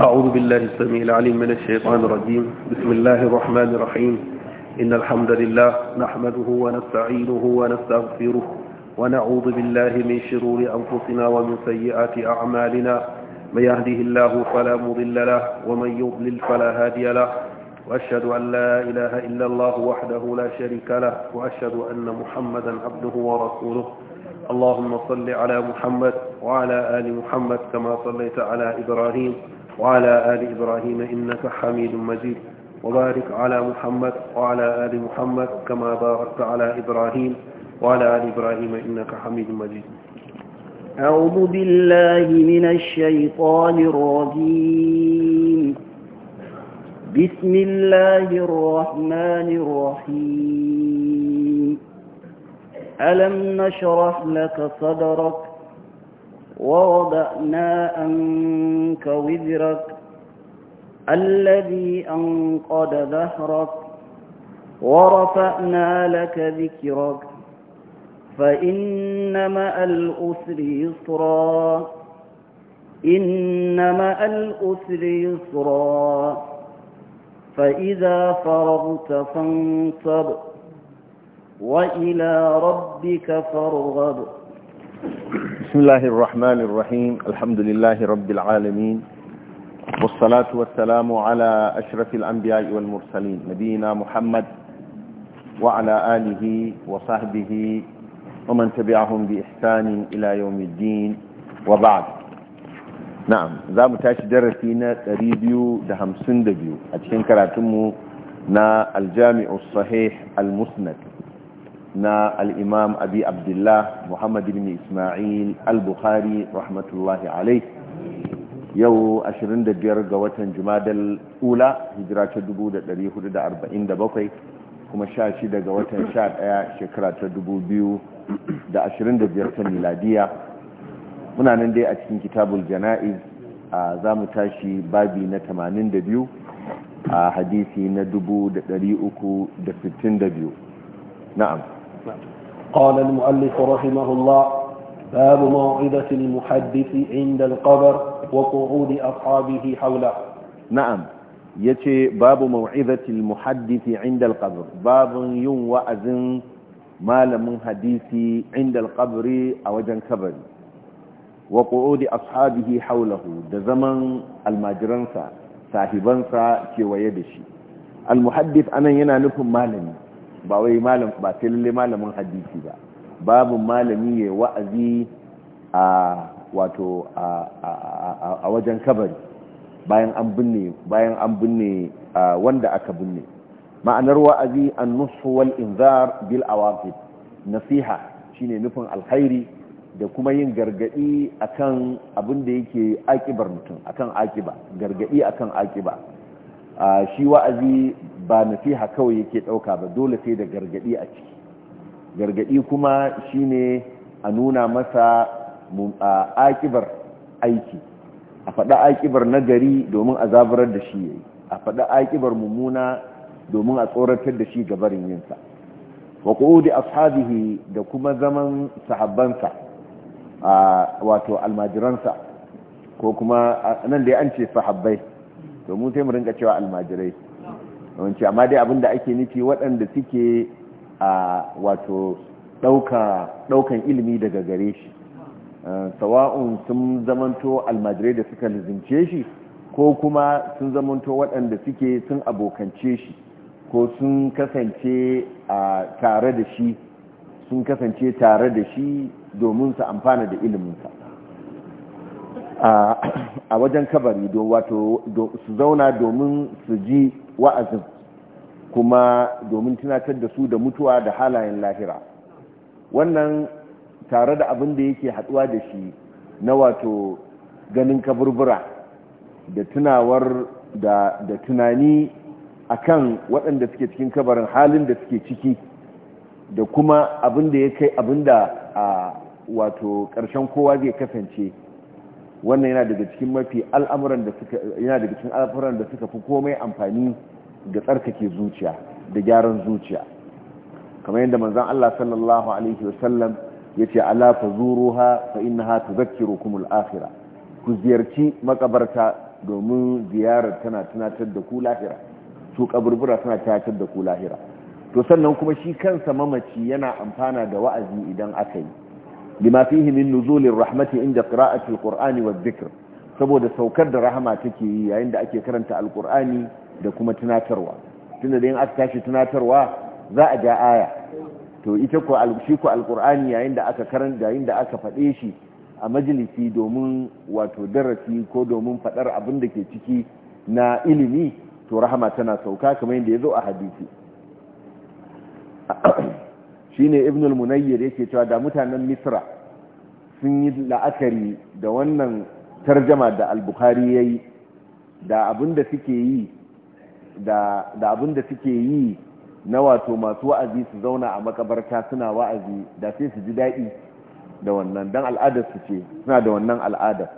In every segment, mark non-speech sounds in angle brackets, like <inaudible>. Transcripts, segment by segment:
أعوذ بالله السميع العليم من الشيطان الرجيم بسم الله الرحمن الرحيم إن الحمد لله نحمده ونستعينه ونستغفره ونعوذ بالله من شرور أنفسنا ومن سيئات أعمالنا من يهده الله فلا مضل له ومن يضلل فلا هادي له وأشهد أن لا إله إلا الله وحده لا شريك له وأشهد أن محمدا عبده ورسوله اللهم صل على محمد وعلى آل محمد كما صليت على إبراهيم وعلى آل إبراهيم إنك حميد مجيد وبارك على محمد وعلى آل محمد كما باركت على إبراهيم وعلى آل إبراهيم إنك حميد مجيد أعوذ بالله من الشيطان الرجيم بسم الله الرحمن الرحيم ألم نشرح لك صدرك ووضعنا عنك وزرك الذي أنقض ظهرك ورفعنا لك ذكرك فإن مع الأسر يسرا إن مع الأسر يسرا فإذا فرغت فانصب وإلى ربك فارغب بسم الله الرحمن الرحيم الحمد لله رب العالمين والصلاة والسلام على أشرف الأنبياء والمرسلين نبينا محمد وعلى آله وصحبه ومن تبعهم بإحسان إلى يوم الدين وبعد نعم ذا متاش درسينا ريبيو دهم سندبيو أتشين كراتمو نا الجامع الصحيح المسند na al'imam abi abdullah muhammad bin ismail al-bukhari rahmatullahi alai yau 25 ga watan jumadal ula hijira ta 1447 kuma 16 ga watan 11 shekara ta 2025 ta miladiya muna nan dai a cikin kitabul jana'iz za mu tashi babi na 82 a hadisi na 362 na'am قال المؤلف رحمه الله باب موعظة المحدث عند القبر وقعود أصحابه حوله نعم يتي باب موعظة المحدث عند القبر باب يوم وأذن مال من حديثي عند القبر أو جن كبر وقعود أصحابه حوله ده زمن المجرنسة صاحبنسة كي ويدشي المحدث أنا ينا نفهم مالني ba wai malam ba sai lalle malamin hadisi ba babu malami ya wa'azi a wato a wajen kabari bayan an binne bayan an binne wanda aka binne ma'anar wa'azi an nusu wal inzar bil awaqib nasiha shine nufin alkhairi da kuma yin gargadi akan abin da yake akibar mutum akan akiba gargadi akan akiba shi wa'azi ba nasiha kawai yake ɗauka ba dole sai da gargaɗi a ciki gargaɗi kuma shine a nuna masa aƙibar aiki a faɗa aƙibar nagari domin a zaburar da shi ya yi a faɗa aƙibar mummuna domin a tsoratar da shi gabarin yinsa wa ƙudi ashabihi da kuma zaman sahabbansa wato almajiransa ko kuma nan da ya an ce sahabbai domin sai mu rinka cewa almajirai yawanci amma dai abinda ake nufi waɗanda suke a wato ɗaukan ilimi daga gare shi sawa'un sun zamanto almajirai da suka lizince shi ko kuma sun zamanto waɗanda suke sun abokance shi ko sun kasance tare da shi sun kasance tare da shi domin su amfana da iliminsa a wajen kabari su zauna domin su ji wa'azin kuma domin tunatar da su da mutuwa da halayen lahira wannan tare da abin da yake haduwa da shi na wato ganin kaburbura da tunawar da, da tunani akan waɗanda suke cikin kabarin halin da suke ciki da kuma abin da ya kai abin da a wato ƙarshen kowa zai kasance wannan yana daga cikin mafi al'amuran da suka fi komai amfani ga tsarkake zuciya da gyaran zuciya kamar yadda manzon Allah sallallahu alaihi wasallam yace ala fazuruha fa innaha tudhakkirukum al-akhirah ku ziyarci makabarta domin ziyarar tana tunatar da ku lahira su kaburbura tana tunatar da ku lahira to sannan kuma shi kansa mamaci yana amfana da wa'azi idan aka yi lima fihi min nuzulir rahmati inda qira'atil qur'ani wadh dhikr saboda saukar da rahama take yi yayin da ake karanta alqur'ani da kuma tunatarwa tunda da yin aka tashi tunatarwa za a ja aya to ita ko shi ko alkur'ani yayin da aka karanta yayin da aka faɗe shi a majalisi domin wato darasi ko domin faɗar abin da ke ciki na ilimi to rahama tana sauka kamar yadda ya zo a hadisi <clears throat> shine ibn al-munayyir yake cewa da mutanen misra sun yi la'akari da wannan tarjama da al-bukhari yayi da abin da suke yi da abin da suke yi na wato masu wa'azi su zauna a makabarta suna wa'azi da sai su ji daɗi da wannan don al'adar su ce suna da wannan al'adar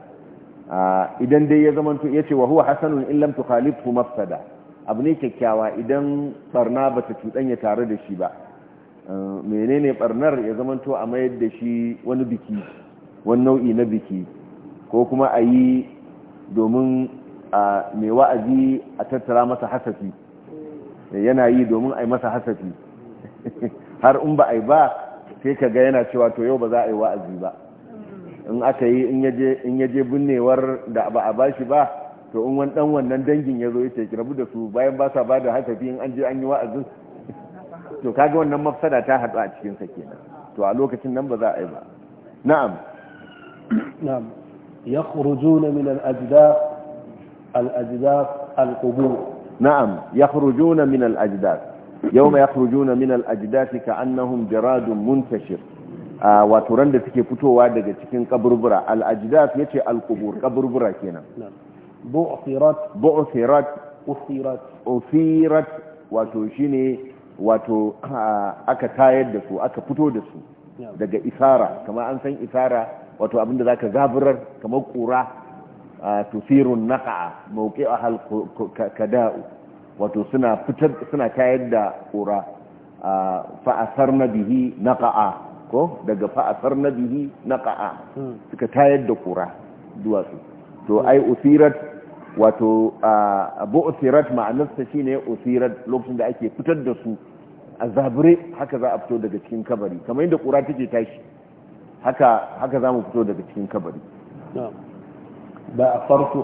idan dai ya zamanto ya ce wa huwa hasanun illam tukhalifu mafsada abu ne kyakkyawa idan barna ba ta cuɗanya tare da shi ba menene barnar ya zamanto a mayar da shi wani biki wani nau'i na biki ko kuma a yi domin mai wa'azi a tattara masa hasafi yana yi domin a yi masa hasafi har in ba a yi ba sai ka ga yana cewa to yau ba za a yi wa'azi ba in aka yi in yaje binnewar da ba a bashi ba to in wani dan wannan dangin ya zo ya ce rabu da su bayan ba sa ba da hasafi in an je an yi wa'azin to kaga wannan mafsada ta haɗu a cikin sa kenan to a lokacin nan ba za a yi ba na'am na'am yakhrujuna min al-ajdath الاجداد القبور نعم يخرجون من الاجداد يوم يخرجون من الاجداد كانهم جراد منتشر واتوران da suke fitowa daga cikin kaburbura al-ajdad yace al kaburbura kenan bu'thirat ofirat. uthirat uthirat wato shine wato aka tayar da su aka fito da su daga isara kamar an san isara wato abinda zaka zaburar kamar kura tusirun naqa'a mawqi'aha kada'u wato suna fitar suna tayar da kura fa asarna bihi naqa'a ko daga fa asarna bihi naqa'a hmm. suka tayar da kura duwatsu to ai usirat wato abu usirat ma'anarsa shine usirat lokacin da ake fitar da su a zabure haka za a fito daga cikin kabari kamar yadda kura take tashi haka haka za mu fito daga cikin kabari بعثرت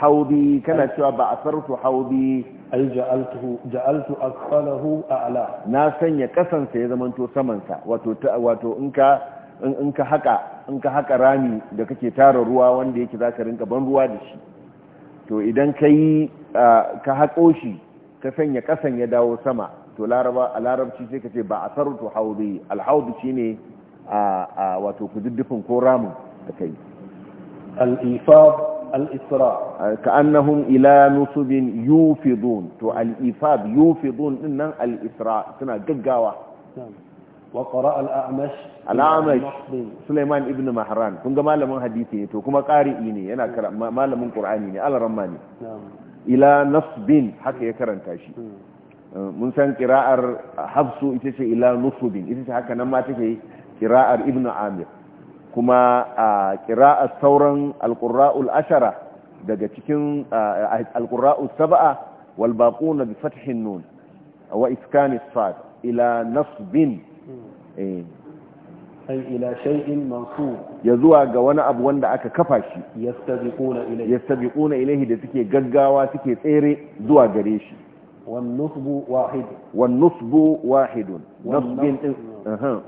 haudi kana cewa كان شو بعثرت حوضي أي جعلته جعلت أكفله أعلى ya zaman to saman sa wato wato in ka haka in ka haka rami da kake tara ruwa wanda yake zaka rinka ban ruwa da shi to idan ka ka hako shi ka sanya kasan ya dawo sama to laraba a larabci sai ka ce ba haudi alhaudu shi a wato kududdufin ko ramin da ka الإيفاض الإسراء كأنهم إلى نصب يوفضون تو الإيفاض يوفضون إن الإسراء كنا قجاوة وقرأ الأعمش الأعمش سليمان ابن مهران كنت ما لمن حديثي تو كما قارئيني أنا كرم ما لمن قرآنيني ألا رماني إلى نصب حكي يكرن تاشي mun san kira'ar hafsu ita ce ila nusubin ita ce haka nan ma take kira'ar ibnu amir kuma a ƙira'ar sauran alƙura'ul ashara daga cikin alƙura'ul saba'a walbaƙo na bi fatihin nun wa iskani sad ila nasbin hmm. eh. ai ila shay'in mansub ya zuwa ga wani abu wanda aka kafa shi yastabiquna ilayhi yastabiquna ilayhi da suke gaggawa suke tsere zuwa gare shi والنصب واحد والنصب واحد نصب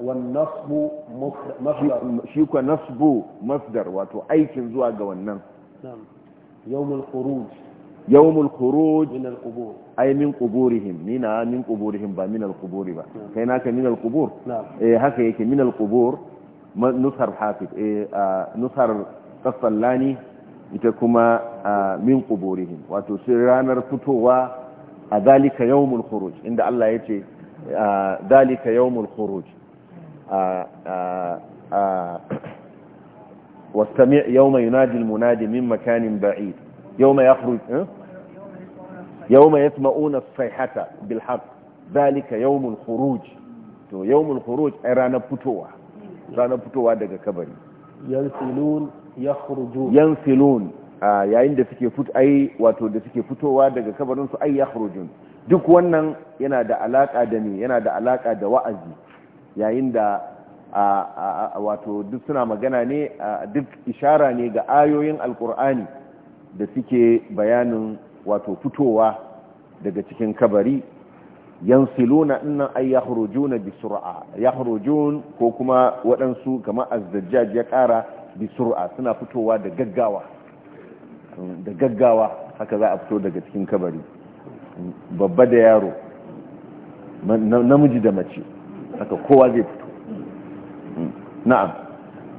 والنصب مصدر شيكو نصب مصدر واتو ايكن زوا ga wannan نعم يوم الخروج يوم الخروج من القبور اي من قبورهم نينا من قبورهم با من القبور با كاينا من القبور نعم ايه هكا يكي من القبور نصر حافظ ايه نصر تصلاني ita kuma min ƙuburihin wato sai ranar fitowa a zalika yawmul khuruj inda Allah ya ce zalika yawmul khuruj واستمع يوم ينادي المنادي من مكان بعيد يوم يخرج يوم يسمعون الصيحة بالحق ذلك يوم الخروج تو يوم الخروج رانا فتوة رانا فتوة دقا كبري ينسلون يخرجون ينسلون yayin da suke fito ai wato da suke fitowa daga kabarin su ai yakhrujun duk wannan yana da alaka da ni, yana da alaka da wa'azi yayin da wato duk suna magana ne duk ishara ne ga ayoyin alkur'ani da suke bayanin wato fitowa daga cikin kabari yansiluna inna ay yakhrujuna bi sur'a yakhrujun ko kuma waɗansu kamar azzajjaj ya kara bi sur'a suna fitowa da gaggawa da gaggawa haka za a fito daga cikin kabari babba da yaro namiji da mace haka kowa zai fito na'am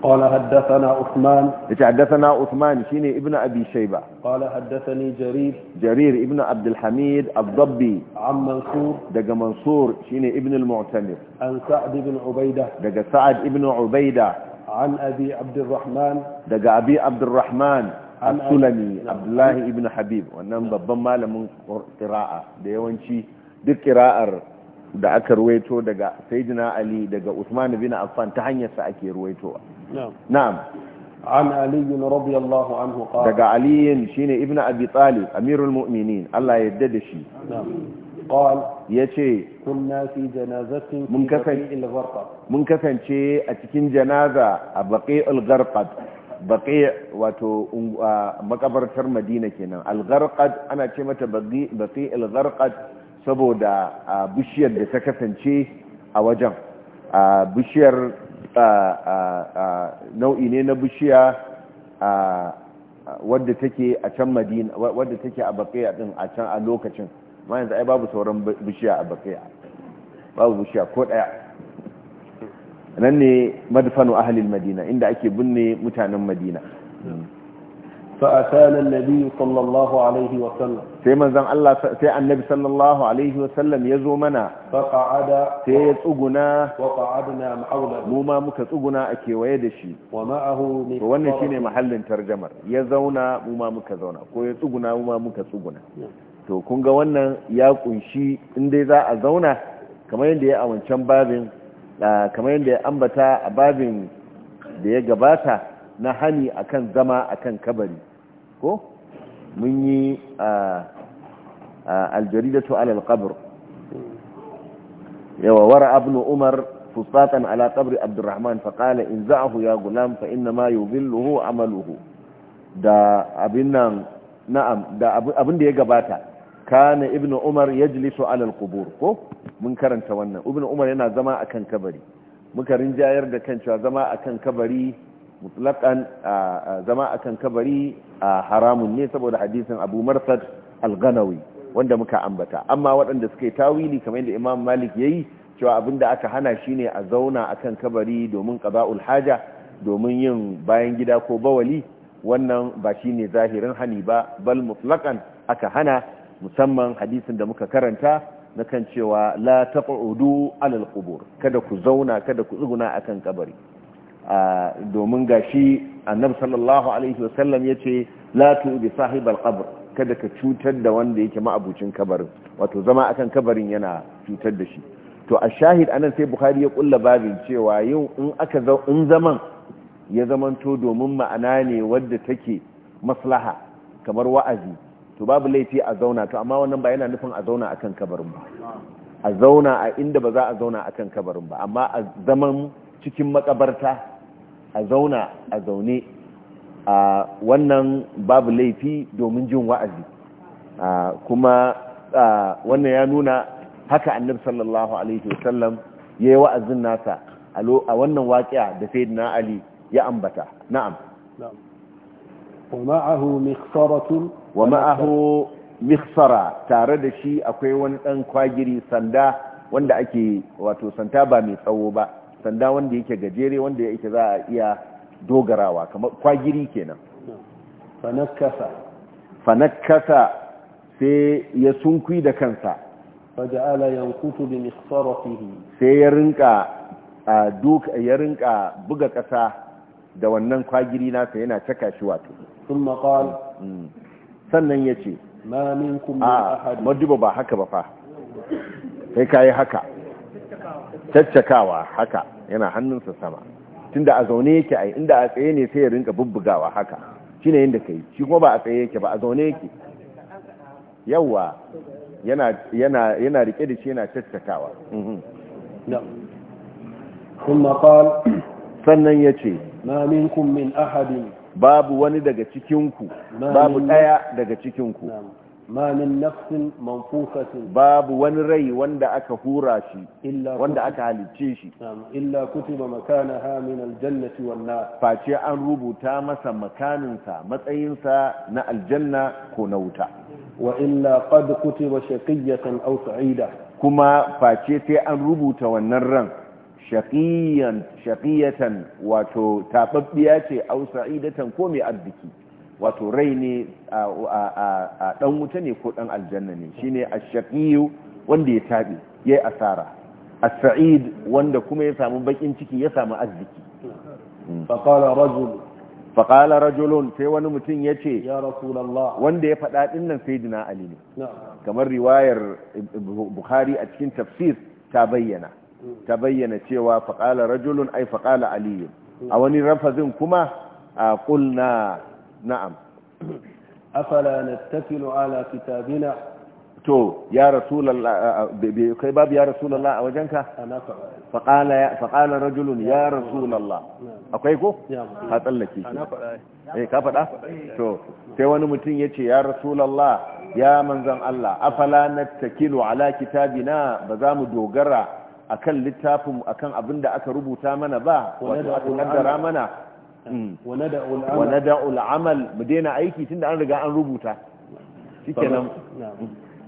قال حدثنا عثمان حدثنا عثمان شيني ابن أبي شيبة قال حدثني جرير جرير ابن عبد الحميد الضبي عن منصور دق منصور شيني ابن المعتمر عن سعد بن عبيدة دق سعد ابن عبيدة عن أبي عبد الرحمن دق أبي عبد الرحمن asulani abdullahi ibn habib wannan babban malamin kira'a da yawanci duk kira'ar da aka ruwaito daga sayyidina ali daga usman bin affan ta hanyar sa ake ruwaitowa na'am an ali radiyallahu anhu qala daga ali shine ibn abi talib amirul mu'minin Allah ya yarda da shi قال يتي كنا في جنازة في بقيع الغرقد من كفن شيء أتكين جنازة بقيع الغرقد baƙi wato makabartar madina kenan al ana ce mata baƙi algarƙad saboda bishiyar da ta kasance a wajen bishiyar nau'i ne na bishiya wadda take a can madina wadda take a a ɗin a can a lokacin ma yanzu ai babu sauran bishiya a baqiya babu bishiya ko ɗaya. nan ne madfanu ahalin madina inda ake binne mutanen madina wa sallam. sai الله عليه وسلم سيما زن الله سي النبي صلى الله عليه وسلم يزومنا فقعد سي تسغنا وقعدنا حوله مو ما muka tsuguna a kewaye da shi wa ma'ahu min wannan shine mahallin tarjamar ya zauna mu ma muka zauna ko ya tsuguna mu ma muka tsuguna to kun ga wannan ya kunshi in dai za a zauna kamar yadda ya a wancan babin kamar yadda ya ambata a babin da ya gabata na hani akan zama akan kabari ko mun yi aljaridatu alal qabr yawa wara abnu umar fusatan ala qabri abdurrahman fa qala in za'ahu ya gulam fa inna ma yudhilluhu amaluhu da abin nan na'am da abin da ya gabata kana ibnu umar yajlisu ala alqubur ko mun karanta wannan ibn umar yana zama akan kabari muka rinjayar da kan cewa zama akan kabari mutlaqan zama akan kabari haramun ne saboda hadisin abu marsad al wanda muka ambata amma waɗanda suke tawili kamar yadda imam malik yayi cewa abinda aka hana shine a zauna akan kabari domin qada'ul haja domin yin bayan gida ko bawali wannan ba shine zahirin hani ba bal mutlaqan aka hana musamman hadisin da muka karanta na kan cewa la taqudu alal alqubur kada ku zauna kada ku tsuguna akan kabari domin gashi annabi sallallahu alaihi wasallam yace la tu'bi sahib alqabr kada ka cutar da wanda yake ma'abucin kabarin wato zama akan kabarin yana cutar da shi to a shahid anan sai bukhari ya kulla babin cewa yau in aka zo in zaman ya zamanto domin ma'ana ne wadda take maslaha kamar wa'azi to babu laifi a zauna to amma wannan ba yana nufin a zauna akan kabarin ba a zauna a inda ba za a zauna akan kabarin ba amma a zaman cikin makabarta a zauna a zaune a wannan babu laifi domin jin wa'azi kuma wannan ya nuna haka annabi sallallahu alaihi wasallam yayi wa'azin nasa a wannan waqi'a da sayyidina ali ya ambata na'am na'am ومعه مخصرة ومعه مخصرة تارد شيء أكوي وان كواجري سندا وان أكي واتو سنتابا ميصوبا صوبا سندا وان دي كجيري وان دي كذا إيا دوغراوا كما كواجري كينا فنكسا فنكسا في ya دكنسا da kansa بمخصرته سيرنكا دوك يرنكا sai ya da wannan kwagiri nasa yana caka shi wato Sun maƙal mm. sannan ya ce ah, maduba ba haka ba fa sai kai haka caccakawa haka yana hannunsa sama tunda a zaune yake a inda a tsaye ne sai ya rinka bubbugawa haka shine ka yi. shi kuma ba a tsaye yake ba a zaune yake yauwa yana yana rike da shi yana caccakawa mm-hmm. sannan ya ce ma minkum min ahadin babu wani daga cikinku babu ɗaya daga cikinku ma min nafsin manfusatin babu wani rai wanda aka hura shi wanda aka halicce shi illa kutiba makanaha min aljannati wan face an rubuta masa makaninsa matsayinsa na aljanna ko na wuta wa illa qad kutiba shaqiyatan aw sa'ida kuma face sai an rubuta wannan ran shaqiyatan wato tababbiya ce au sa'idatan ko mai arziki wato rai ne a ɗan wuta ne ko dan aljanna ne shine ash-shaqiyu wanda ya ya yi asara a said wanda kuma ya samu bakin ciki ya samu arziki hmm. faqala rajul faqala rajulun sai wani mutum yace ya rasulullah wanda ya fada dinnan sayyidina ali ne kamar riwayar bukhari a cikin tafsir ta bayyana ta bayyana cewa faƙala rajulun ai faƙala aliyu a wani rafazin kuma a ƙulna na'am afala na tafilu ala kitabina to ya rasulallah kai babu ya rasulallah a wajenka faƙala rajulun ya rasulallah akwai ko? ha tsallake shi eh, ka faɗa? to sai wani mutum ya ce ya rasulallah ya manzan Allah afala na takilu ala kitabina ba za mu dogara a kan littafin akan abin da aka rubuta mana ba wato aka kaddara mana hmm. wa al'amal mu daina aiki tunda an riga an rubuta shikenan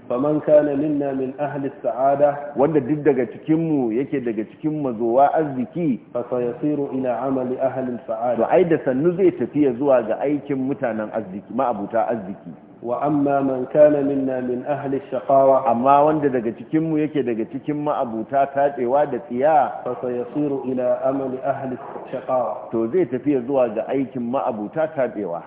faman kana minna min ahli sa'ada wanda duk daga cikin mu yake daga cikin mazowa arziki fa sayasiru ila amali ahli sa'ada to ai da sannu zai tafiya zuwa ga aikin mutanen arziki ma'abuta arziki wa amma man kana minna min ahli shaqawa amma wanda daga cikin mu yake daga cikin ma'abuta tatsewa da tsiya fa sayasiru ila amali ahli shaqawa to zai tafiya zuwa ga aikin ma'abuta tatsewa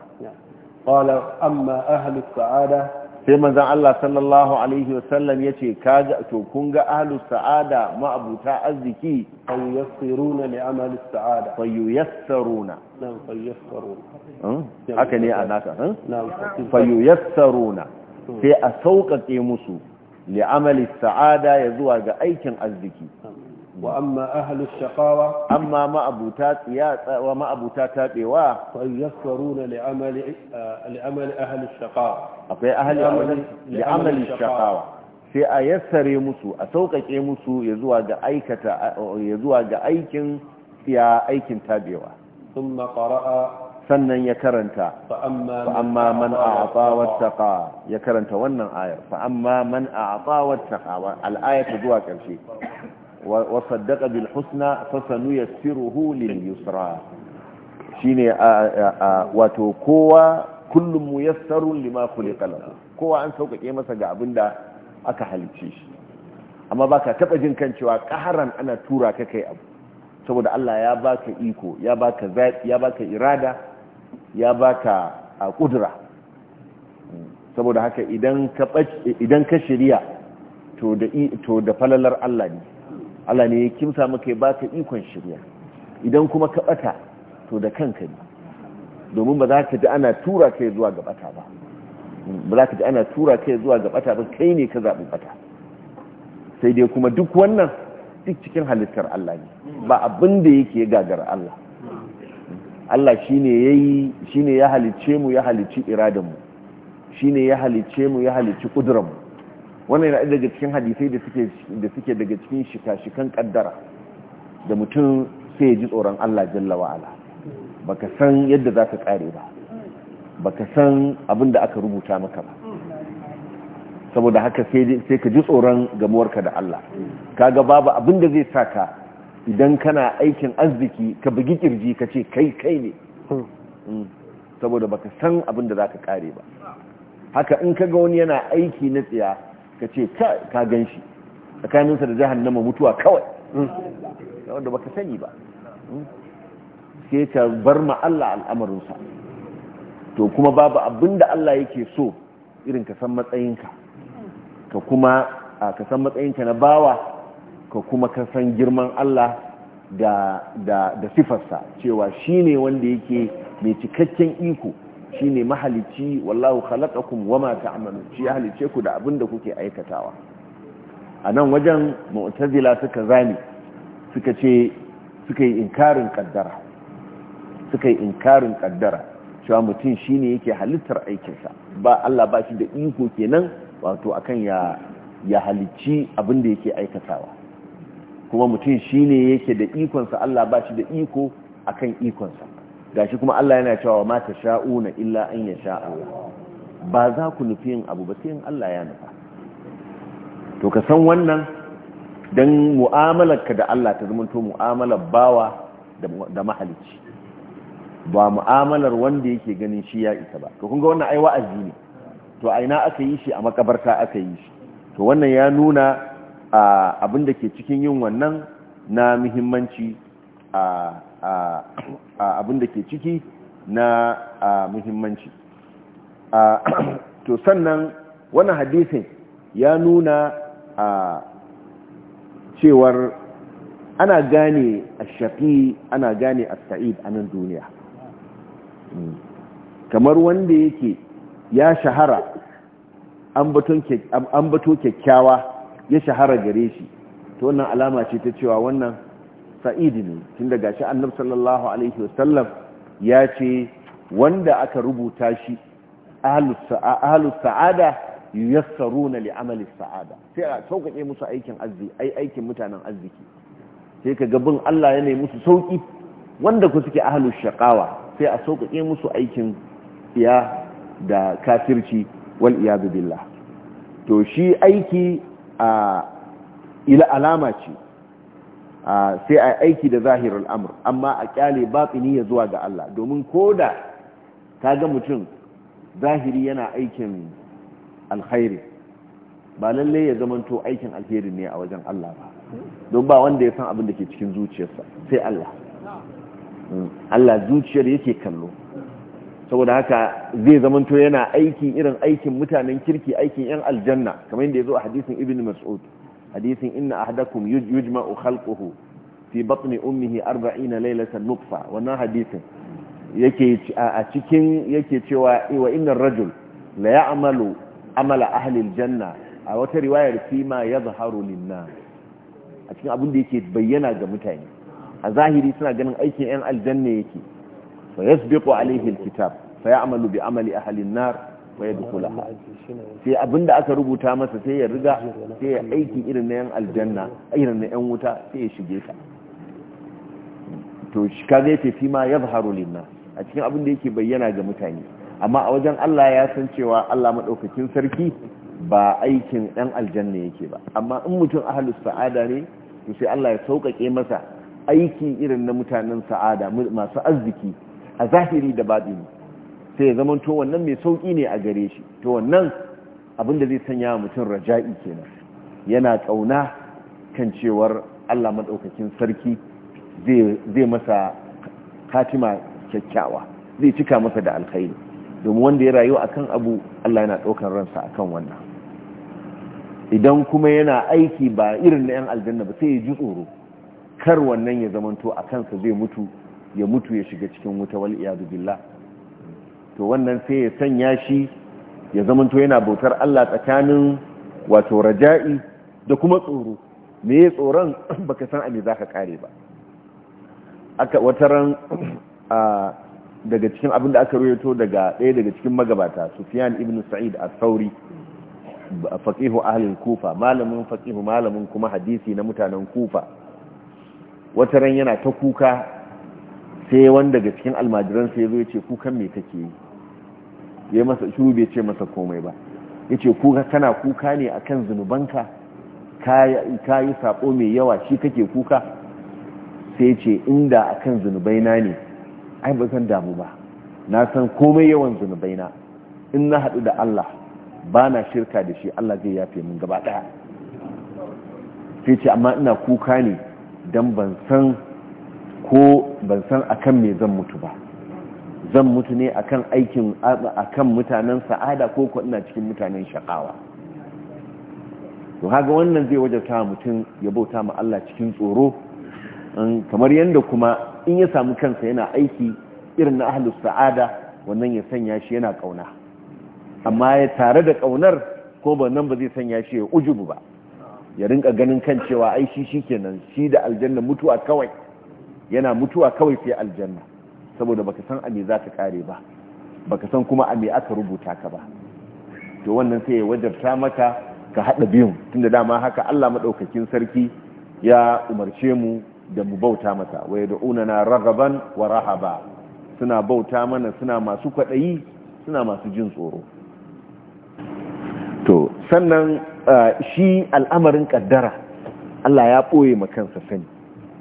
qala amma ahli sa'ada sai manzan Allah sallallahu alaihi wasallam ya ce to kun ga ahlus sa'ada ma'abuta arziki fayyasiruna ne amalus sa'ada hmm? haka ne a naka hmm? hmm. sai a sauƙaƙe musu li'amali sa'ada ya zuwa ga aikin arziki wa amma ahlus shaqawa amma ma'abuta tsiyatsa wa ma'abuta tabewa fa yassaruna li amali eh, li amali shaqawa akwai ahli li amali shaqawa sai a yassare musu a sauƙaƙe musu ya zuwa ga aikata ga aikin tsiya aikin tabewa thumma qara'a sannan ya karanta fa'amma man a atawar ya karanta wannan ayar man a atawar taƙa al'ayar ta zuwa ƙarshe وصدق بالحسنى فسنيسره لليسرى شيني واتو كوا كل ميسر لما خلق له كوا ان سوقي مسا ga abinda aka halice shi amma baka taba jin kan cewa kaharan ana tura ka kai abu saboda Allah ya baka iko ya baka zaɓi ya baka irada ya baka kudura saboda haka idan ka idan ka shiriya to da to da falalar Allah ne Allah ne ya kimsa maka ya baka ikon shirya idan kuma ka bata to da kanka ne domin ba za ka ji ana tura kai zuwa ga bata ba ba za ka ji ana tura kai zuwa ga bata ba kai ne ka zaɓi bata sai dai kuma duk wannan duk cikin halittar Allah ne ba abin da yake gagara Allah Allah shine yayi shine ya halicce mu ya halicci iradan mu shine ya halicce mu ya halicci kudran mu wannan yana daga cikin hadisai da suke daga cikin shika-shikan kaddara da mutum sai ya ji tsoron Allah jalla wa ala baka san yadda zaka kare ba baka san abin da aka rubuta maka ba saboda haka sai ka ji tsoron gamuwarka da Allah kaga babu abin da zai sa ka idan kana aikin arziki ka bugi kirji ka ce kai kai ne mm. saboda baka san abin da ka kare ba haka in kaga wani yana aiki na tsiya ka ce ka gan shi tsakaninsa da jihar nama mutuwa kawai hmm. wanda baka sani ba hmm. sai ka bar ma Allah al'amarinsa to kuma babu abin da Allah yake so irin ka san matsayinka ka kuma ka san matsayinka na bawa ka kuma ka san girman Allah da sifarsa cewa shi ne wanda yake mai cikakken iko shine mahalici wallahu khalaqakum wama ta'malun shi ya halice ku da abinda kuke aikatawa anan wajen mu'tazila suka zani suka ce suka yi inkarin kaddara suka yi inkarin kaddara cewa mutum shine yake halittar aikinsa ba Allah ba shi da iko kenan wato akan ya ya halici abinda yake aikatawa kuma mutum shine yake da ikonsa Allah ba shi da iko akan ikonsa gashi kuma Allah yana cewa ma ta sha'una illa an ya sha ba za ku nufi yin abu ba sai Allah ya nufa to ka san wannan don mu'amalarka da Allah ta zama to mu'amalar bawa da mahalicci ba mu'amalar wanda yake ganin shi ya isa ba to kun ga wannan ai wa'azi ne to aina aka yi shi a makabarta aka yi shi to wannan ya nuna abin da ke cikin yin wannan na muhimmanci a abin da ke ciki na muhimmanci <clears throat> to sannan wani hadisin ya nuna cewar ana gane a shafi ana gane a sa'id a nan duniya mm. kamar wanda yake ya shahara an bato kyakkyawa ya shahara gare shi to wannan alama ce ta cewa wannan sa'idi ne tun da gashi annabi sallallahu alaihi wasallam ya ce wanda aka rubuta shi ahlus sa'ada yuyassaruna na amali sa'ada sai a sauƙaƙe musu aikin aikin mutanen arziki sai ka gabin Allah ya musu sauƙi wanda ku suke ahlus shaqawa sai a sauƙaƙe musu aikin ya da kafirci wal iyadu billah to shi aiki a ila alama ce sai a aiki da zahirar amr amma a kyale batini ya zuwa ga Allah domin ko koda ga mutum zahiri yana aikin alkhairi ba lallai ya zamanto aikin alheri ne a wajen Allah ba don ba wanda ya san abin da ke cikin zuciyarsa sai Allah mm, Allah zuciyar yake kallo saboda haka zai zamanto yana aiki irin aikin mutanen kirki aikin yan aljanna kamar yadda ya zo a hadisin ibn mas'ud hadisin inna ahdakum yujma'u khalquhu fi batni ummihi 40 laylatan nutfa wannan hadisin yake a cikin yake cewa wa innar rajul la ya'malu amala ahli janna a wata riwayar fi ma yadhharu lin-nas a cikin abin da yake bayyana ga mutane a zahiri suna ganin aikin yan aljanna yake fa yasbiqu alayhi kitab fa ya'malu bi amali ahli an-nar waya dukula sai abinda aka rubuta masa sai ya riga sai ya aiki irin na yan aljanna irin na yan wuta sai ya shige ta to shi kaga yace fi ma ya zaharu linnas a cikin abin da yake bayyana ga mutane amma a wajen Allah ya san cewa Allah madaukakin sarki ba aikin yan aljanna yake ba amma in mutum ahalus sa'ada ne to sai Allah ya sauƙaƙe masa aiki irin na mutanen sa'ada masu arziki a zahiri da baɗini sai ya zama to wannan mai sauki ne a gare shi to wannan abin da zai sanya mutum raja'i kenan yana kauna kan cewar Allah madaukakin sarki zai masa katima kyakkyawa zai cika masa da alkhairi domin wanda ya rayu akan abu Allah yana daukar ransa akan wannan idan kuma yana aiki ba irin na 'yan aljanna ba sai ya ji tsoro kar wannan ya zamanto a kansa zai mutu ya mutu ya shiga cikin wuta wal iyadu billah to wannan sai ya sanya shi ya to yana bautar Allah tsakanin wato raja'i da kuma tsoro me ya tsoron <clears throat> baka san ame za ka kare ba aka wataran <clears throat> daga cikin abin da aka ruyato daga ɗaya daga cikin magabata sufiyan ibn sa'id a sauri faƙihu ahalin kufa malamin faƙihu malamin kuma hadisi na mutanen kufa wataran yana ta kuka sai wanda daga cikin almajiransa ya zo ya ce kukan me take yi ya masa shuru bai ce masa komai ba ya ce kuka kana kuka ne akan zunubanka ka yi mai yawa shi kake kuka sai ya ce inda kan zunubaina ne ai ba zan damu ba na san komai yawan zunubaina in na haɗu da Allah ba na shirka da shi Allah zai yafe min gaba ɗaya sai ce amma ina kuka ne don ban san ko ban san akan me zan mutu ba zan mutu ne akan aikin a kan mutanen sa'ada ko ko ina cikin mutanen shakawa to haga wannan zai wajabta mutum ya bauta ma Allah cikin tsoro kamar yadda kuma in ya samu kansa yana aiki irin na ahlus sa'ada wannan ya sanya shi yana ƙauna amma ya tare da ƙaunar ko ba nan ba zai sanya shi ya ujubu ba ya rinka ganin kan cewa ai shi shikenan shi da aljanna mutuwa kawai yana mutuwa kawai sai aljanna saboda baka san ame za ta kare ba baka san kuma ame aka rubuta ka ba to wannan sai ya wajarta maka ka haɗa biyun tunda dama haka Allah maɗaukakin sarki ya umarce mu da mu bauta masa waya da unana ragaban wa rahaba suna bauta mana suna masu kwaɗayi suna masu jin tsoro to sannan shi al'amarin kaddara Allah ya boye sani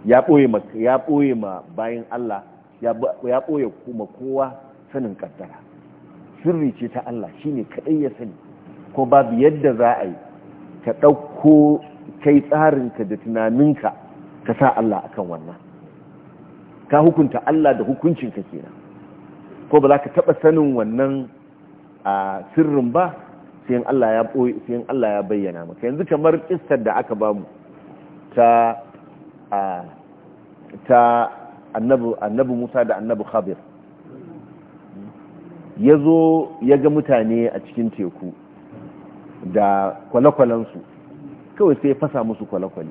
ya ɓoye ma bayan Allah ya ɓoye kuma kowa sanin kaddara sirri ce ta Allah shi ne kaɗai ya sani ko babu yadda za a yi ka ɗauko kai tsarinka da tunaninka ka sa Allah akan wannan ka hukunta Allah da hukuncin hukuncinka kenan ko ba za ka taɓa sanin wannan a sirrin ba sai Allah ya Allah ya bayyana maka yanzu kamar ƙistar da aka bamu ta ta annabi musa da annabi khabir ya zo ya ga mutane a cikin teku da kwale-kwalensu kawai sai ya fasa musu kwale-kwale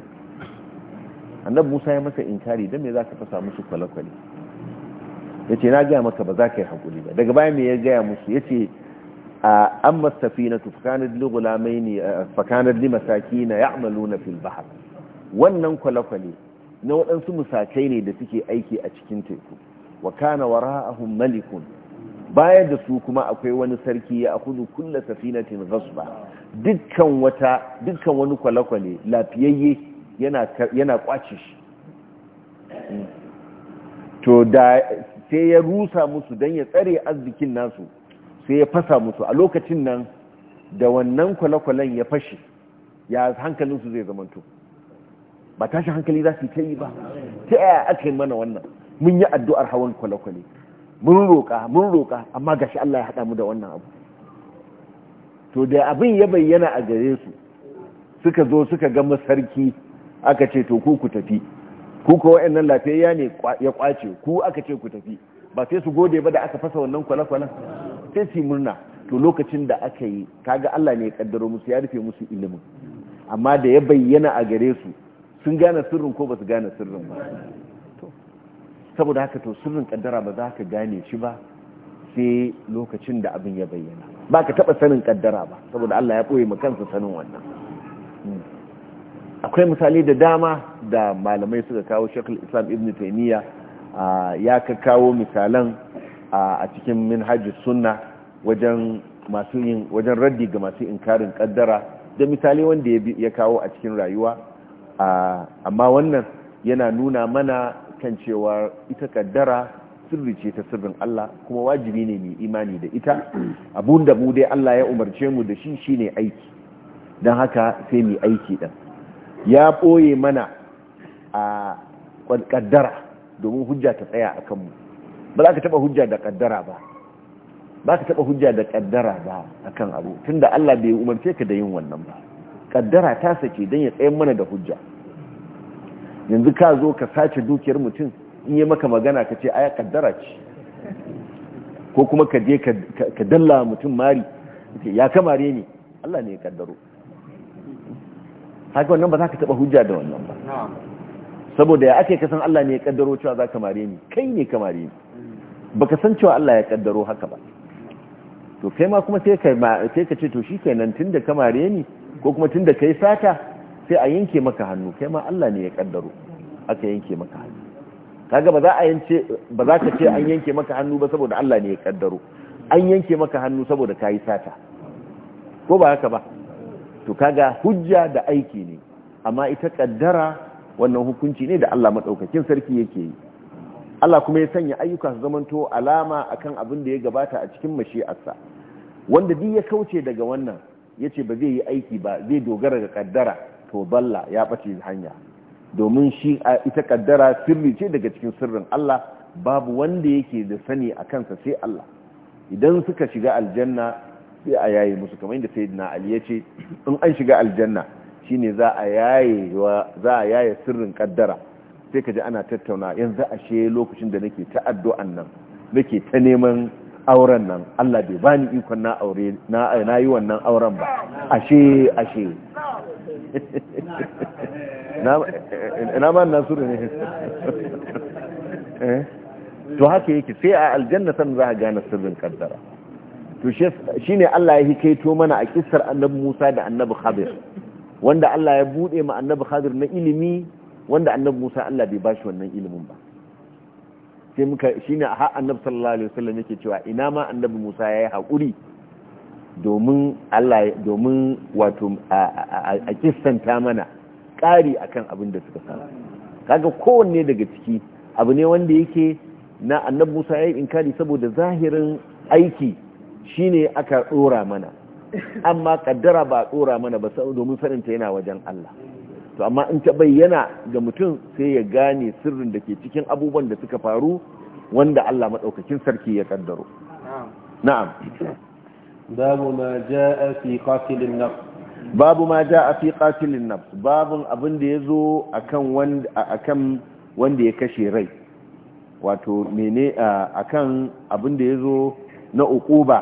annabi musa ya masa inkari don me za ka fasa musu kwale-kwale ya na gaya maka ba za ka yi hakuri ba daga bayan me ya gaya musu ya ce an mastafi na tufkanar ligulamaini li limasaki na ya'amalu na filbahar wannan kwale na waɗansu musakai ne da suke aiki a cikin teku wa kana ra'ahun malikun baya da su kuma akwai wani sarki ya akudu kulla safinatin gasba dukkan wata dukkan wani kwale-kwale lafiyayye yana yana kwace shi to da sai ya rusa musu don ya tsare arzikin nasu sai ya fasa musu a lokacin nan da wannan kwale-kwalen ya fashe ya hankalinsu zai zamanto ba tashi hankali za su ta yi ba ta yaya aka yi mana wannan mun yi addu'ar hawan kwale-kwale mun roƙa mun roƙa amma gashi Allah ya haɗa mu da wannan abu to da abin ya bayyana a gare su suka zo suka ga masarki aka ce to ku ku tafi ku ko wayannan lafiya ne ya kwace ku aka ce ku tafi ba sai su gode ba da aka fasa wannan kwale-kwalen sai su murna to lokacin da aka yi kaga Allah ne ya kaddaro musu ya rufe musu ilimin amma da ya bayyana a gare su sun gane sirrin ko ba su gane sirrin ba saboda haka to sirrin kaddara ba za ka gane shi ba sai lokacin da abin ya bayyana ba ka taɓa sanin kaddara ba saboda Allah ya ɓoye makansa sanin wannan hmm. akwai misali da dama da malamai suka kawo shekul islam ibn taimiyya ya ka kawo misalan a cikin minhajjus sunna wajen masu yin wajen raddi ga masu inkarin kaddara da misali wanda ya kawo a cikin rayuwa amma wannan yana nuna mana kan cewa ita kaddara sirri ce ta sirrin Allah kuma wajibi ne mai imani da ita abun da mu dai Allah ya umarce mu da shi shine aiki don haka sai mu aiki din ya ɓoye mana a kaddara domin hujja ta tsaya a kanmu ba za ka taɓa hujja da kaddara ba ba ka taɓa hujja da kaddara ba akan abu tunda Allah bai umarce ka da yin wannan ba kaddara ta sake don ya tsaye mana da hujja yanzu ka zo ka sace dukiyar mutum in yi maka magana ka ce a' ya kaddara ce ko kuma ka je ka dalla mutum mari ya kamare ne Allah ne ya kaddaro haka wannan ba za ka taba hujja da wannan ba saboda ya ake kasan Allah ne ya kaddaro cewa za ka mare ni kai ne ka mare ni ka san cewa Allah ya kaddaro haka ba to kai ma kuma sai ka ce to shi kenan tun ka mare ni ko kuma tunda kai sata sai a yanke maka hannu kai ma Allah ne ya kaddaro aka yanke maka hannu kaga ba za a yance ba za ka ce an yanke maka hannu ba saboda Allah ne ya kaddaro an yanke maka hannu saboda kai sata ko ba haka ba to kaga hujja da aiki ne amma ita kaddara wannan hukunci ne da Allah madaukakin sarki yake yi Allah kuma ya sanya ayyuka su zamanto alama akan abin da ya gabata a cikin mashi'arsa wanda duk ya kauce daga wannan ya ce ba zai yi aiki ba zai dogara ga kaddara to balla ya ɓace hanya domin shi a ita kaddara sirri ce daga cikin sirrin Allah babu wanda yake da sani a kansa sai Allah idan suka shiga aljanna sai a yaye musu kamar inda sayyidina Ali ya ce in an shiga aljanna shine za a yaye za a yaye sirrin kaddara sai ka ji ana tattauna yanzu ashe lokacin da nake ta addu'an nan nake ta neman auren nan Allah bai bani ikon na aure na yi wannan auren ba ashe ashe <laughs> na ba na suru ne <laughs> eh? to haka yake sai a aljanna san za a gane sirrin kaddara to shi ne Allah ya hikaito mana a kisar annabi Musa da annabi Khadir wanda Allah ya bude ma annabi Khadir na ilimi wanda annabi Musa Allah bai bashi wannan ilimin ba sai muka shine har annabi sallallahu alaihi wasallam yake cewa ina ma annabi Musa yayi hakuri domin Allah domin wato a kissanta mana ƙari akan abin da suka samu kaga kowanne daga ciki abu ne wanda yake na annabi Musa ya yi inkari saboda zahirin aiki shine aka dora mana amma kaddara ba dora mana ba domin sanin ta yana wajen Allah to amma in ta bayyana ga mutum sai ya gane sirrin da ke cikin abubuwan da suka faru wanda Allah madaukakin sarki ya kaddaro na'am babu ma jaa fi qatilin naf babu ma jaa fi qatilin naf babun abin da yazo akan wanda akan wanda ya kashe rai wato mene akan abin da yazo na uquba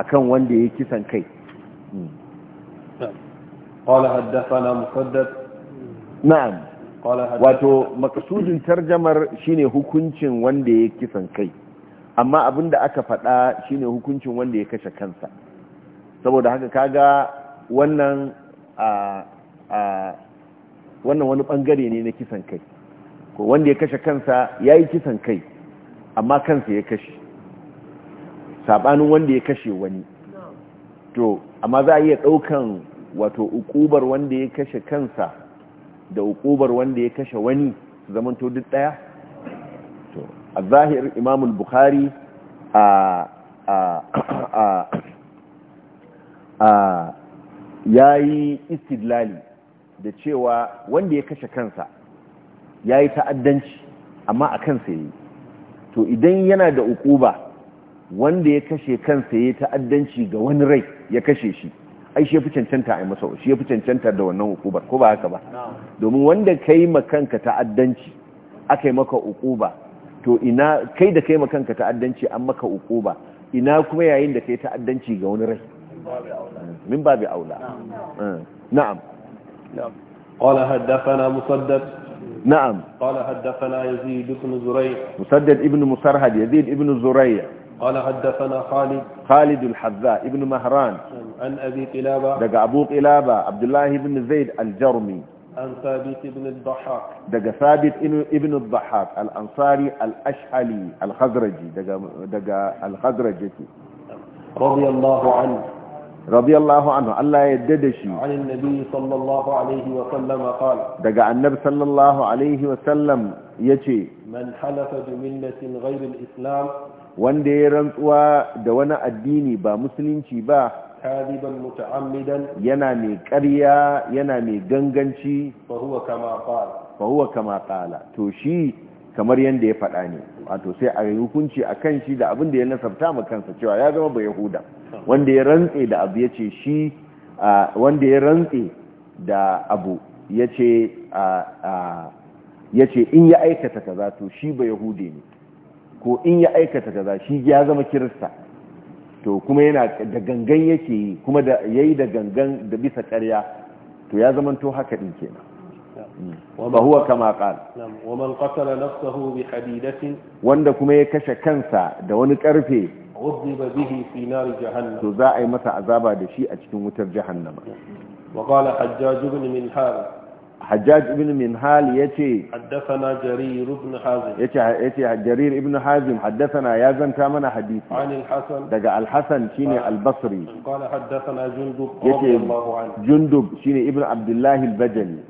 akan wanda ya kisan kai قال حدثنا مسدد na'am wato makasudin tarjamar shine hukuncin wanda ya kisan kai amma abin da aka faɗa shine hukuncin wanda ya kashe kansa saboda haka kaga wannan a wannan wani bangare ne na kisan kai ko wanda ya kashe kansa ya yi kisan kai amma kansa ya kashe saɓanin wanda ya kashe wani to amma za a iya ɗaukan wato ukubar wanda ya kashe kansa da hukubar wanda ya kashe wani su to duk daya to a zahir imam bukhari a a a yayi istidlali da cewa wanda ya kashe kansa yayi ta'addanci amma a kansa yi. to idan yana da hukuba wanda ya kashe kansa yayi ta'addanci ga wani rai ya kashe shi ai shi yafi cancanta ai masa shi yafi cancanta da wannan hukubar ko ba haka ba domin wanda kai makanka ta'addanci akai maka hukuba to ina kai da kai makanka ta'addanci an maka hukuba ina kuma yayin da kai ta'addanci ga wani rai min babu aula na'am قال حدثنا مسدد نعم قال حدثنا يزيد بن زريع مسدد ابن مسرهد يزيد ابن زريع قال حدثنا خالد خالد الحذاء ابن مهران عن أبي قلابة دق أبو قلابة عبد الله بن زيد الجرمي عن ثابت بن الضحاك دق ثابت ابن الضحاك الأنصاري الأشعلي الخزرجي دق الخزرجي رضي الله عنه radiyallahu anhu Allah ya yarda da shi anin alaihi wa sallam daga annabi sallallahu alaihi wa sallam yace man halafa islam wanda ya rantsuwa da wani addini ba musulunci ba kadiban muta'ammidan yana mai ƙarya yana mai ganganci fa huwa kama kala to shi kamar yadda ya faɗa ne wato sai a yi hukunci a kan shi da abin da ya nasabta ma kansa cewa ya zama ba yahuda wanda ya rantse da abu ya ce shi wanda ya rantse da abu ya ce in ya aikata kaza to shi ba yahude ne ko in ya aikata kaza shi ya zama kirista to kuma yana da gangan yake yi kuma da yi da gangan da bisa karya to ya zama to haka ɗin kenan Mm. wama huwa kama qala wa man qatala nafsahu bi hadidatin wanda kuma ya kashe kansa da wani karfe udhiba bihi fi nar jahannam to za a yi masa azaba da shi a cikin wutar jahannama wa qala hajjaj ibn minhal hajjaj ibn minhal yace haddathana jarir ibn hazim yace yace jarir ibn hazim haddathana ya zanta mana hadisi anil hasan daga al hasan shine al basri qala haddathana jundub radiyallahu anhu jundub shine ibn abdullah al bajali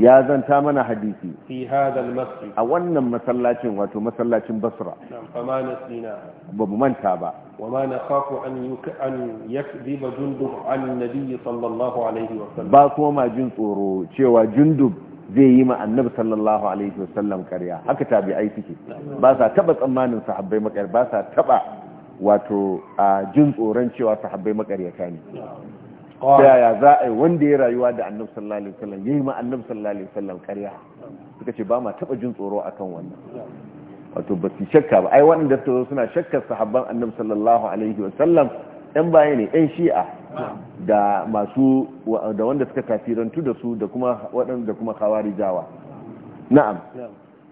ya zanta mana hadisi fi hadal masjid a wannan masallacin wato masallacin basra fama nasina ba mu manta ba wa ma nakhafu an an yakdiba jundub an nabi sallallahu alaihi wa sallam ba kuma ma jin tsoro cewa jundub zai yi ma annabi sallallahu alaihi wa sallam ƙarya haka tabi'ai suke ba sa taba tsammanin sahabbai makar ba sa taba wato a jin tsoron cewa sahabbai makaryata ne yaya za a yi wanda ya rayuwa da annab sallallahu alaihi wasallam yayi ma annab sallallahu alaihi wasallam ƙarya suka ce ba ma taba jin tsoro akan wannan wato ba su shakka ba ai ta su suna shakka sahabban annab sallallahu alaihi wasallam ɗan baya ne ɗan shi'a da masu da wanda suka kafirantu da su da kuma waɗanda kuma jawa na'am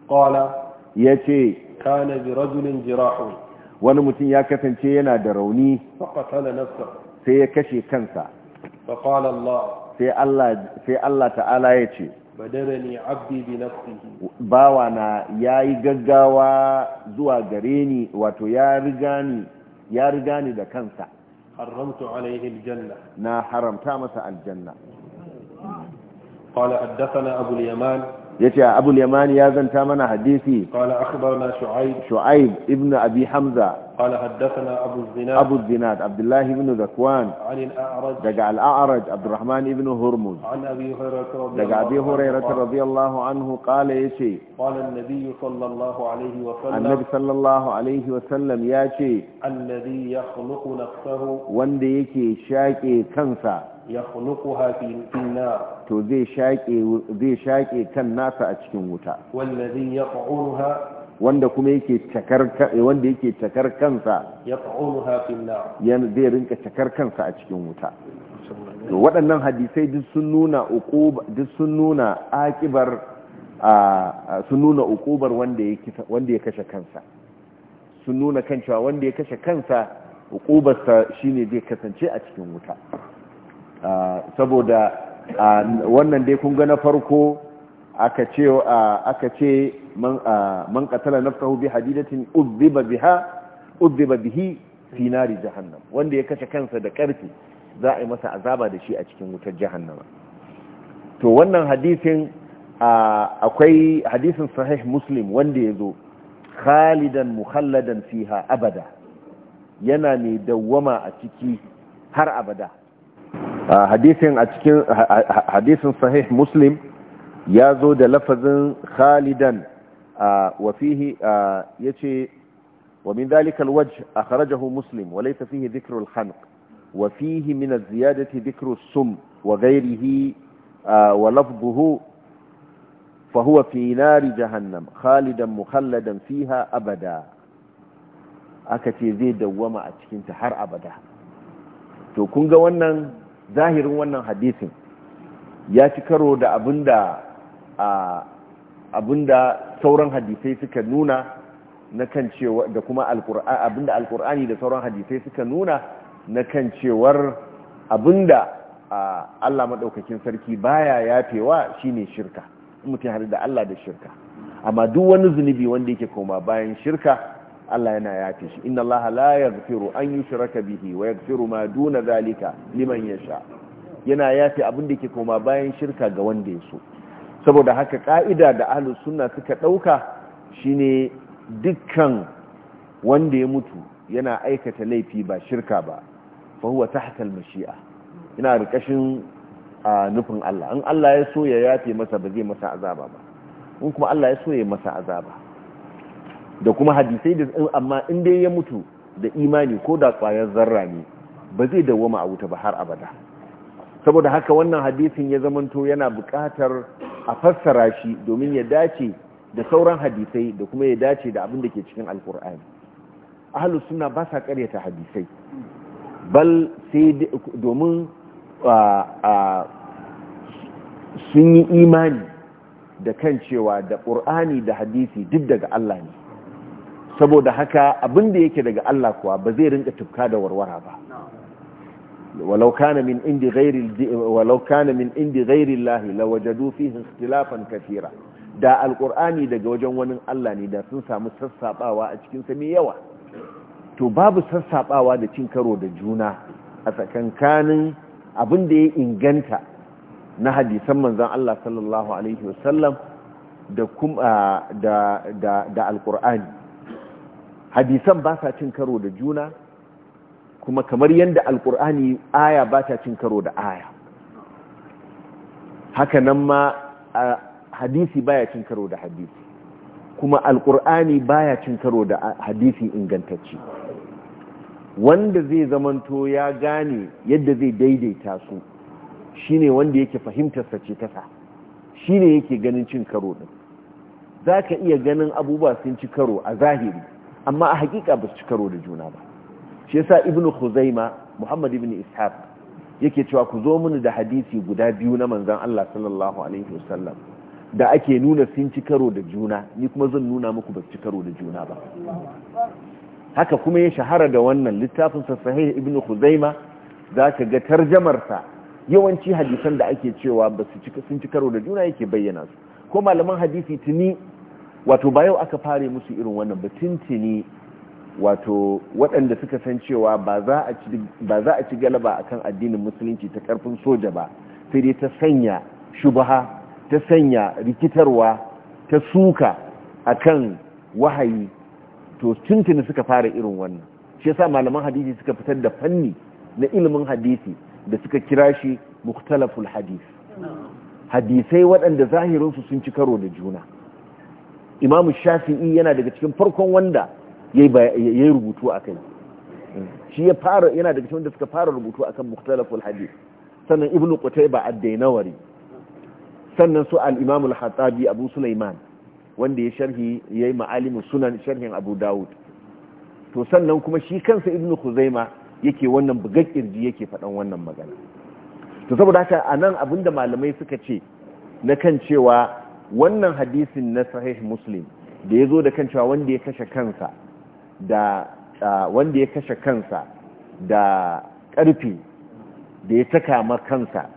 qala yace kana bi rajulin jirahu wani mutum ya kasance yana da rauni sai ya kashe kansa فقال الله في الله في الله تعالى يتي badarani abdi bi nafsihi bawana yayi gaggawa zuwa gareni, ni wato ya riga ni da kansa haramtu alaihi aljanna na haramta masa aljanna qala haddathana abu al-yaman yace abul yamani ya zanta mana hadisi qala akhbarana shu'aib shu'aib ibn abi hamza qala haddathana abu zinad abu zinad abdullah ibn zakwan daga al-a'raj abdurrahman ibn hurmuz daga abi hurairah radiyallahu anhu qala yace qala an-nabiy sallallahu alayhi wa sallam annabi sallallahu alayhi wa sallam yace alladhi yakhluqu nafsahu wanda yake shaƙe kansa يخلقها في النار تو زي شاكي زي شاكي كان ناسا أتشكين وتا والذي يطعنها wanda kuma yake cakar wanda yake cakar kansa yat'unha fi an-nar yana zai rinka cakar kansa a cikin wuta to waɗannan hadisai duk sun nuna uquba duk sun nuna akibar sun nuna uqubar wanda yake wanda ya kashe kansa sun nuna kan cewa wanda ya kashe kansa uqubarsa shine zai kasance a cikin wuta saboda wannan dai kun ga na farko aka ce aka ce man katala nafsahu bi hadidatin udhiba biha udhiba bihi fi nari jahannam wanda ya kashe kansa da karfi za a yi masa azaba da shi a cikin wutar jahannama to wannan hadisin akwai hadisin sahih muslim wanda ya zo khalidan mukhalladan fiha abada yana mai dawwama a ciki har abada hadisin a cikin hadisin sahih muslim ya zo da lafazin khalidan wa fihi yace wa min dhalika alwajh akhrajahu muslim wa laysa fihi dhikru alhanq wa fihi min azziyadati dhikru as-sum wa ghayrihi wa lafdhuhu فهو في نار جهنم خالدا مخلدا فيها أبدا aka ce zai dawwama a cikinta har abada to kun ga wannan zahirin wannan hadisin ya ci karo da abinda sauran hadisai suka nuna na kan cewa da kuma alkur'ani abinda alkur'ani da sauran hadisai suka nuna na kan cewar abinda Allah madaukakin sarki baya yafewa shine shirka mutum har da Allah da shirka amma duk wani zunubi wanda yake koma bayan shirka Allah yana yafe shi inna Allah la yaghfiru an yushraka bihi wa yaghfiru ma duna zalika liman ya sha yana yafe abin da ke koma bayan shirka ga wanda ya so saboda haka ka'ida da ahlus sunna suka dauka shine dukkan wanda ya mutu yana aikata laifi ba shirka ba fa huwa tahta al-mashi'a yana rikashin nufin Allah in Allah ya so ya yafe masa ba zai masa azaba ba in kuma Allah ya so ya masa azaba da kuma hadisai da amma in dai ya mutu da imani ko da kwayar zarra ne ba zai dawoma a wuta ba har abada saboda haka wannan hadisin ya zamanto yana buƙatar a fassara shi domin ya dace da sauran hadisai da kuma ya dace da abin da ke cikin alkur'ani ahlus sunna ba sa karyata hadisai bal sai domin sun yi imani da kan cewa da ƙur'ani da hadisi duk daga Allah ne saboda haka abinda yake daga Allah kuwa ba zai rinka tufka da warwara ba walau kana min indi ghairi lawajadu fihi ikhtilafan kathira da alqur'ani daga wajen wani Allah ne da sun samu sassabawa a cikin sa mai yawa to babu sassabawa da cin karo da juna a tsakankanin abinda ya inganta na hadisan manzon Allah sallallahu alaihi wasallam da kuma da da da alqur'ani hadisan ba sa cin karo da juna kuma kamar yadda alkur'ani aya ba ta cin karo da aya haka nan ma hadisi baya cin karo da hadisi kuma alkur'ani baya cin karo da hadisi ingantacci wanda zai zamanto ya gane yadda zai daidaita su shine wanda yake fahimtarsa ce tasa shine yake ganin cin karo din za ka iya ganin abubuwa sun ci karo a zahiri amma a hakika ba su ci karo da juna ba shi yasa ibn khuzaima muhammad ibn ishaq yake cewa ku zo mini da hadisi guda biyu na manzon Allah sallallahu alaihi wasallam da ake nuna sun ci karo da juna ni kuma zan nuna muku ba su ci karo da juna ba haka kuma ya shahara da wannan littafin sa sahih ibn khuzaima zaka ga tarjumar sa yawanci hadisan da ake cewa ba su ci sun ci karo da juna yake bayyana su ko malaman hadisi tuni wato ba yau aka fare musu irin wannan ba tintini wato waɗanda suka san cewa ba za a ci galaba a kan addinin musulunci ta ƙarfin soja ba sai dai ta sanya shubaha ta sanya rikitarwa ta suka akan wahayi to tuntuni suka fara irin wannan shi yasa malaman hadisi suka fitar da fanni na ilimin hadisi da suka kira shi muktalaful hadis hadisai waɗanda zahirinsu sun ci karo da juna imam shafi'i yana daga cikin farkon wanda ya yi rubutu a kai shi ya fara yana daga cikin wanda suka fara rubutu akan mukhtalaful hadith sannan ibnu qutayba ad-dainawari sannan su al-imam al abu sulaiman wanda ya sharhi yi ma'alimin sunan sharhin abu daud to sannan kuma shi kansa ibn kuzaima yake wannan bugar kirji yake faɗan wannan magana to saboda haka anan abinda malamai suka ce na kan cewa wannan hadisin na sahih muslim da ya zo da kan cewa wanda ya kashe kansa da wanda ya kashe kansa da ƙarfi da ya taka ma kansa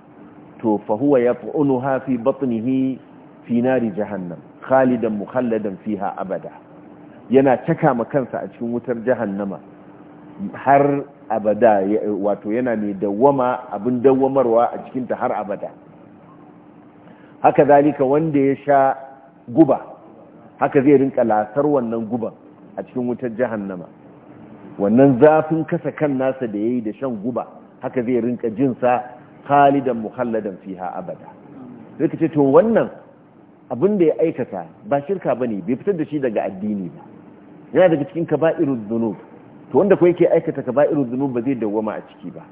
to fa huwa yaf'unuha fi batnihi fi nari jahannam khalidan mukhalladan fiha abada yana taka ma kansa a cikin wutar jahannama har abada wato yana mai dawwama abin dawwamarwa a cikinta har abada haka zalika wanda ya sha guba haka zai rinka lasar wannan guban a cikin wutar jahannama wannan zafin kasa kan nasa da yayi da shan guba haka zai rinka jinsa khalidan mukhalladan fiha abada sai kace to wannan abin da ya aikata ba shirka bane bai fitar da shi daga addini ba yana daga cikin kaba'irud dhunub to wanda ko yake aikata kaba'irud dhunub ba zai dawwama a ciki ba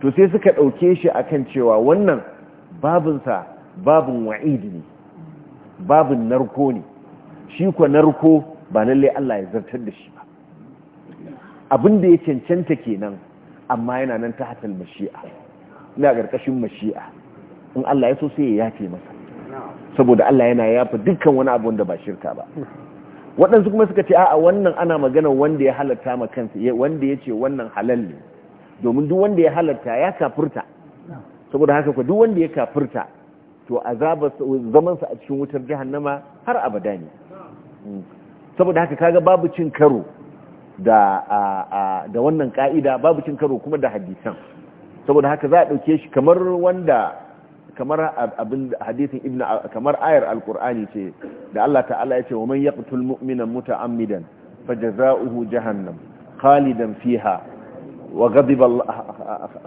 to sai suka dauke shi akan cewa wannan babinsa babin wa'idi ne babin narko ne shi ko narko ba lalle Allah ya zartar da shi ba abin da ya cancanta kenan amma yana nan ta hatal mashi'a ina ƙarƙashin mashi'a in Allah ya so sai ya yafe masa saboda Allah yana yafa dukkan wani abu wanda ba shirka ba waɗansu kuma suka ce a wannan ana magana wanda ya halatta ma kansa wanda ya ce wannan halal ne domin duk wanda ya halatta ya kafirta saboda haka ku duk wanda ya kafirta to azabar zaman sa a cikin wutar jahannama har abada ne saboda haka kaga babu cin karo da da wannan ka'ida babu cin karo kuma da hadisan saboda haka za a dauke shi kamar wanda kamar abin hadisin ibnu kamar ayar alqur'ani ce da Allah ta'ala ya ce wa man yaqtul mu'mina muta'ammidan fajaza'uhu jahannam khalidan fiha wa ghadiba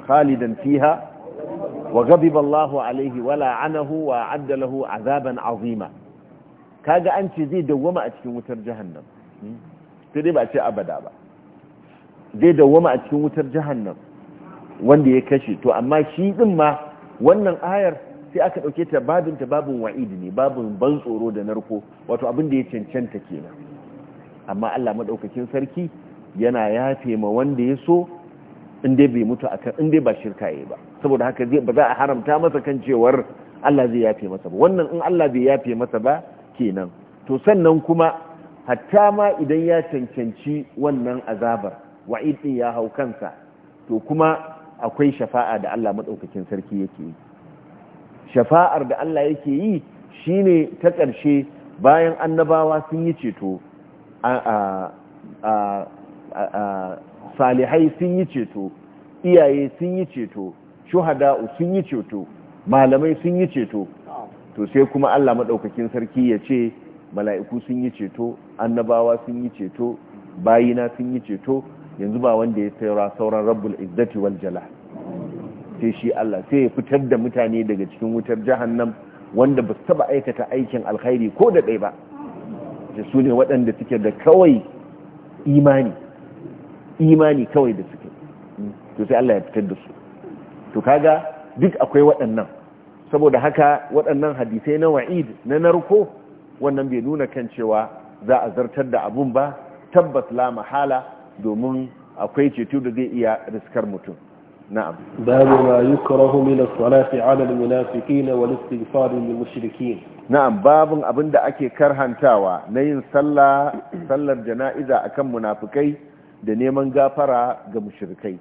khalidan fiha wa الله عليه alaihi wa la'anahu wa adda lahu azaban azima kaga an ce zai dawwama a cikin wutar jahannam sai dai ba ce abada ba zai dawwama a cikin wutar jahannam wanda ya kashe to amma shi din ma wannan ayar sai aka dauke ta babin ta babin wa'idi ne babin ban tsoro da narko wato abin da ya cancanta kenan amma Allah madaukakin sarki yana yafe ma wanda ya so in dai bai mutu akan in dai ba shirka yayi ba saboda haka zai ba za a haramta masa kan cewar Allah zai yafe masa ba wannan in Allah bai yafe masa ba kenan to sannan kuma hatta ma idan ya cancanci wannan azabar wa'id din ya hau kansa to kuma akwai shafa'a da Allah madaukakin sarki yake yi shafa'ar da Allah yake yi shine ta ƙarshe bayan annabawa sun yi ceto a salihai sun yi ceto iyaye sun yi ceto shuhada'u sun yi ceto malamai sun yi ceto to sai kuma Allah madaukakin sarki ya ce mala'iku sun yi ceto annabawa sun yi ceto bayina sun yi ceto yanzu ba wanda ya saura sauran rabbul izzati wal jalal sai shi Allah sai ya fitar da mutane daga cikin wutar jahannam wanda ba su taba aikata aikin alkhairi ko da ɗaya ba su ne waɗanda suke da kawai imani imani kawai da suke to sai Allah ya fitar da su to kaga duk akwai waɗannan saboda haka waɗannan hadisai na wa'id na narko wannan bai nuna kan cewa za a zartar da abun ba tabbas la mahala domin akwai ceto da zai iya riskar mutum na'am babu ma yukrahu min as-salati 'ala al-munafiqin wal istighfar lil mushrikeen na'am babun abinda ake karhantawa na yin sallah sallar jana'iza akan munafikai da neman gafara ga mushrikai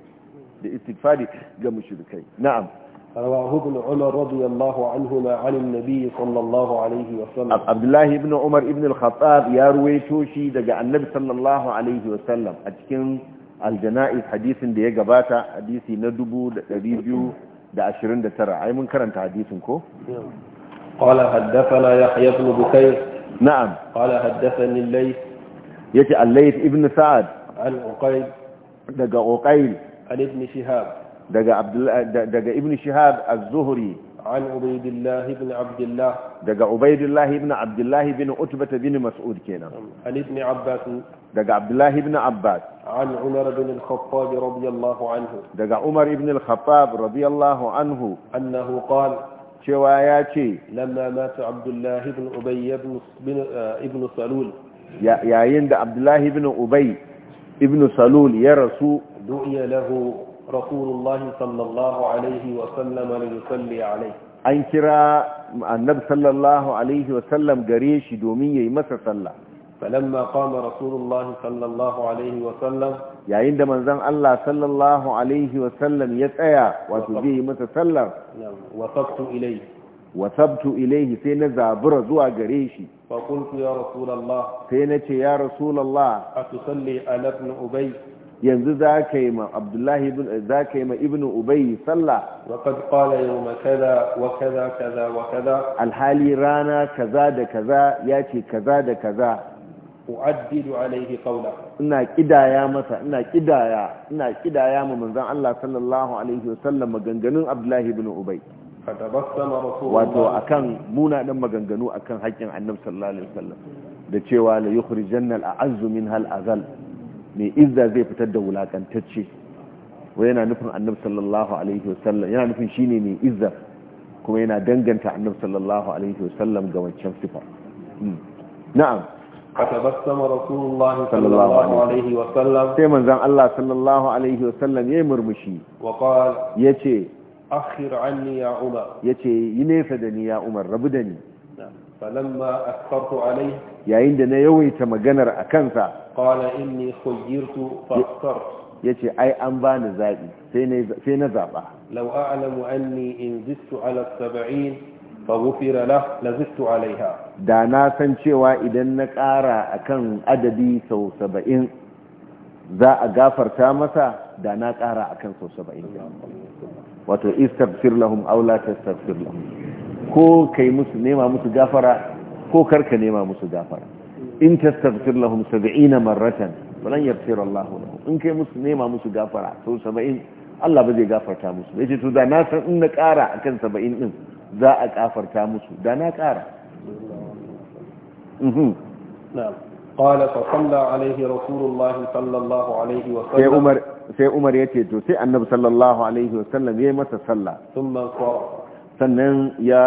da istighfari ga mushrikai na'am rawahu ibn umar radiyallahu anhu ma an annabi sallallahu alaihi wa sallam abdullah ibn umar ibn al-khattab ya ruwaito shi daga annabi sallallahu alaihi wa sallam a cikin al-janaiz hadisin da ya gabata hadisi na 229 ai mun karanta hadisin ko qala haddathana yahya ibn bukayr na'am qala haddathani al-layth yati al-layth ibn sa'ad an uqayl daga uqayl an ibn shihab daga abdullah daga ibn shihab az-zuhri an ubaydillah ibn abdullah daga ubaydillah ibn abdullah ibn utbah ibn mas'ud kenan an ibn abbas daga abdullah ibn abbas an umar ibn al-khattab radiyallahu anhu daga umar ibn al-khattab radiyallahu anhu annahu qala cewa ya ce lamma mata abdullahi ibn ubay ibn salul yayin da abdullahi ibn ubay ibn salul ya rasu du'iya lahu rasulullahi sallallahu alaihi wa sallam an kira annabi sallallahu alaihi wa sallam gare shi domin yayi masa sallah فلما قام رسول الله صلى الله عليه وسلم يا عند من زن الله صلى الله عليه وسلم يتأيى وتجيه متسلم وثبت sai na zabura zuwa gare shi. فقلت يا رسول الله سينتي يا رسول الله أتصلي على ابن أبي yanzu za ka yi ma abdullahi ibn za ka yi ma ibn ubay sallah wa qad qala yawma wa kaza kaza wa kaza alhali rana kaza da kaza yace kaza da kaza uaddidu alayhi qawla ina kidaya ma manzon Allah sallallahu alaihi wasallam maganganun abdullahi ibn ubay wato akan munanan maganganu akan haƙƙin annab sallallahu alaihi wasallam da cewa la yukhrijanna al'azzu min hal azal mai izza zai fitar da wulakantacce wai yana nufin annab sallallahu alaihi wasallam yana nufin shine mai izza kuma yana danganta annab sallallahu alaihi wasallam ga wancan sifa na'am فتبسم رسول sallallahu alaihi الله عليه وسلم سيما زان الله صلى الله عليه وسلم يمرمشي وقال akhir anni ya umar yace yi nesa da ni ya umar rabu da ni falamma akfartu alai yayin da na yawaita maganar a kansa qala inni khayyirtu fakhtar yace ai an bani zabi sai na sai na zaba law a'lamu anni in zittu ala 70 fa ghufira la lazittu alaiha da na san cewa idan na ƙara akan adadi sau 70 za a gafarta masa da na ƙara akan sau 70 wato istaghfir lahum aw la tastaghfir lahum ko kai musu nema musu gafara ko karka nema musu gafara in tastaghfir lahum 70 marratan walan yaghfir Allah lahum in kai musu nema musu gafara to 70 Allah ba zai gafarta musu yace to da na san in na kara akan 70 din za a gafarta musu da na kara mhm na'am قال فصلى عليه رسول الله صلى الله عليه وسلم يا عمر sai umar ya ce to sai annabi sallallahu alaihi wasallam ya yi masa sallah sannan ya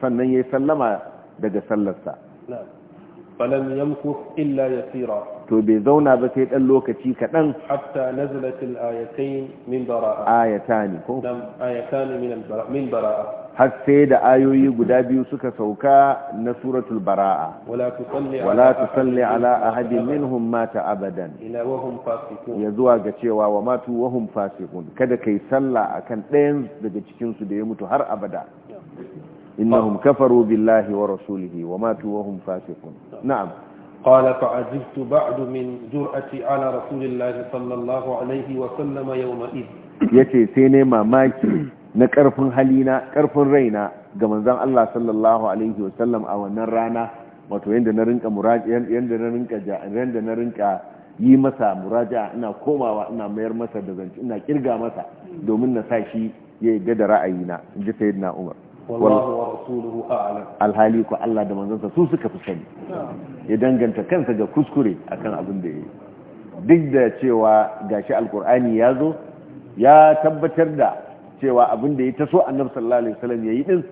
sannan ya sallama daga sallarsa falam yamkuf illa yasira to bai zauna ba sai dan lokaci kadan hatta nazalat al ayatayn min baraa ayatani ko ayatani min min baraa har sai da ayoyi guda biyu suka sauka na suratul bara'a wala tusalli ala ahadin minhum mata abadan ya zuwa ga cewa wa matu wahum fasiqun kada kai sallah akan ɗayan daga cikin su da ya mutu har abada innahum kafaru billahi wa rasulihi wa matu wahum fasiqun na'am قال فعجبت بعد من جرأتي على رسول الله صلى الله عليه وسلم يومئذ yace sai ne mamaki na ƙarfin halina ƙarfin raina ga manzan Allah sallallahu alaihi wasallam a wannan rana wato yadda na rinka na rinka yi masa muraja ina komawa ina mayar masa da zance ina kirga masa domin na sa shi ya yadda da ra'ayina in ji sayyidina Umar wallahu wa alhali ko Allah da manzansa su suka fi sani ya danganta kansa ga kuskure akan abin da yi. duk da cewa gashi alqur'ani ya zo ya tabbatar da cewa abin da ya taso annabi sallallahu alaihi wasallam yayi din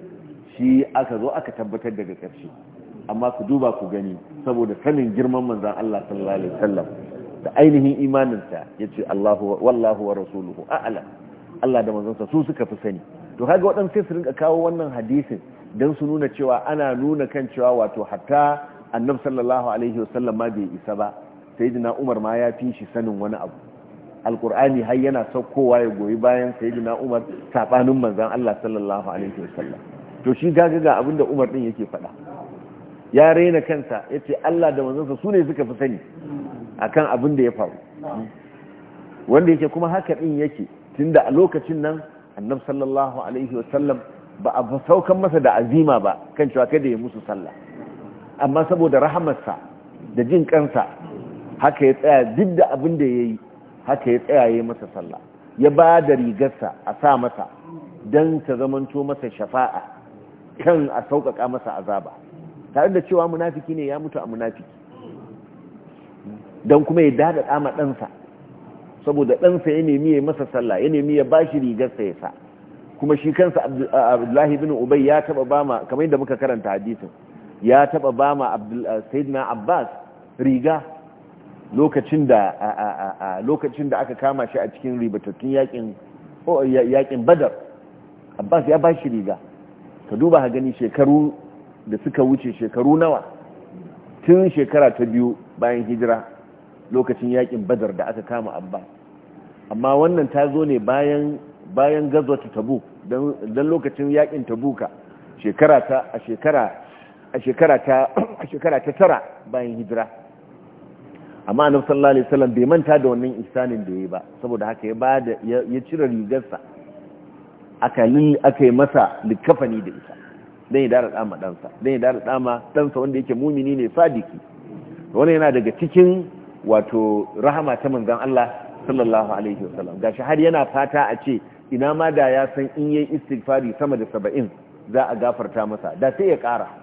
shi aka zo aka tabbatar daga ƙarshe amma ku duba ku gani saboda sanin girman manzon Allah sallallahu alaihi wasallam da ainihin imaninsa yace Allahu wallahu wa rasuluhu a'lam Allah da sa su suka fi sani to kaga waɗansu sai su rinka kawo wannan hadisin dan su nuna cewa ana nuna kan cewa wato hatta annabi sallallahu alaihi wasallam ma bai isa ba sayyidina Umar ma ya fi shi sanin wani abu alkur'ani har yana saukowa ya goyi bayan sayidina umar saɓanin manzan Allah sallallahu alaihi wasallam to shi gaga ga abinda umar ɗin yake faɗa ya raina kansa ya ce Allah da manzansa su ne suka fi sani a abin da ya faru wanda yake kuma haka ɗin yake tun da a lokacin nan annabi sallallahu alaihi wasallam ba a saukan masa da azima ba kan cewa kada ya musu sallah amma saboda rahamarsa da jin kansa haka ya tsaya duk da abin da ya yi haka ya tsayaye masa sallah ya ba da rigarsa a sa masa don ta zamanto masa shafa'a kan a sauƙaƙa masa azaba tare da cewa munafiki ne ya mutu a munafiki don kuma ya dada ɗama ɗansa saboda ɗansa ya nemi ya masa sallah ya nemi ya ba shi rigarsa ya sa kuma shi kansa abdullahi bin ubai ya taɓa ba ma kamar yadda muka karanta hadisin ya taɓa ba ma sayyidina abbas riga lokacin da lokacin da aka kama shi a cikin ribatattun yakin yakin badar abbas ya ba shi riga ka duba ha gani shekaru da suka wuce shekaru nawa tun shekara ta biyu bayan hijira lokacin yakin badar da aka kama abbas amma wannan ta zo ne bayan bayan ta tabu don lokacin yakin tabuka shekara ta a shekara a shekara ta a shekara ta tara bayan hijira amma annabi sallallahu alaihi wasallam bai manta da wannan ihsanin da yayi ba saboda haka ya bada ya cire rigarsa aka yi aka yi masa likafani da ita dan ya dara dama dansa dan ya dara dama sa wanda yake mumini ne sadiki wannan yana daga cikin wato rahama ta manzon Allah sallallahu alaihi wasallam gashi har yana fata a ce ina ma da ya san in yayi istighfari sama da 70 za a gafarta masa da sai ya kara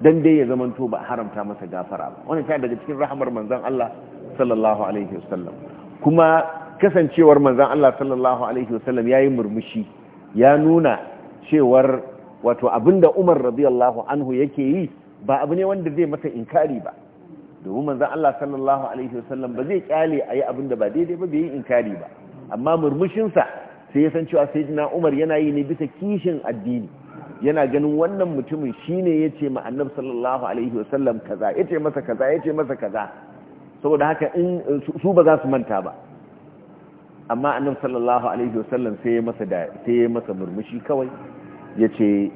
dan dai ya zamanto ba haramta masa gafara ba wannan kai daga cikin rahamar manzon Allah sallallahu alaihi wasallam kuma kasancewar manzon Allah sallallahu alaihi wasallam yayi murmushi ya nuna cewar wato abinda Umar radiyallahu anhu yake yi ba abu ne wanda zai masa inkari ba domin manzon Allah sallallahu alaihi wasallam ba zai kyale ayi abinda ba daidai ba bai yi inkari ba amma murmushinsa sai ya san cewa sayyidina Umar yana yi ne bisa kishin addini yana ganin wannan mutumin shine ya ma annabi sallallahu alaihi wasallam kaza ce masa kaza ce masa kaza saboda haka in su ba za su manta ba amma annabi sallallahu alaihi wasallam sai ya masa sai ya masa murmushi kawai yace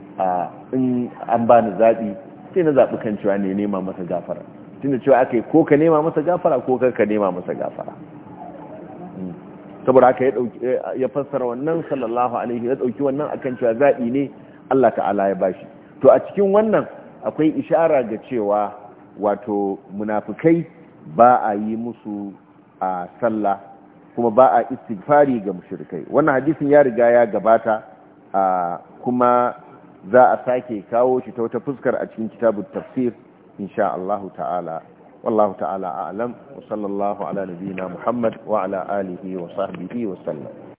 in an bani zabi sai na zabi kan cewa ne nema masa gafara tunda cewa aka yi ko ka nema masa gafara ko ka nema masa gafara hmm. saboda haka ya fassara wannan sallallahu alaihi ya dauki wannan akan cewa zaɓi ne Allah ta'ala ya bashi to a cikin wannan akwai ishara ga cewa wato munafikai ba a yi musu a sallah kuma ba a istighfari ga mushrikai wannan hadisin ya riga ya gabata kuma za a sake kawo shi ta wata fuskar a cikin kitabut tafsir insha Allah ta'ala wallahu ta'ala a'lam wa sallallahu ala nabiyyina Muhammad wa ala alihi wa sahbihi wa sallam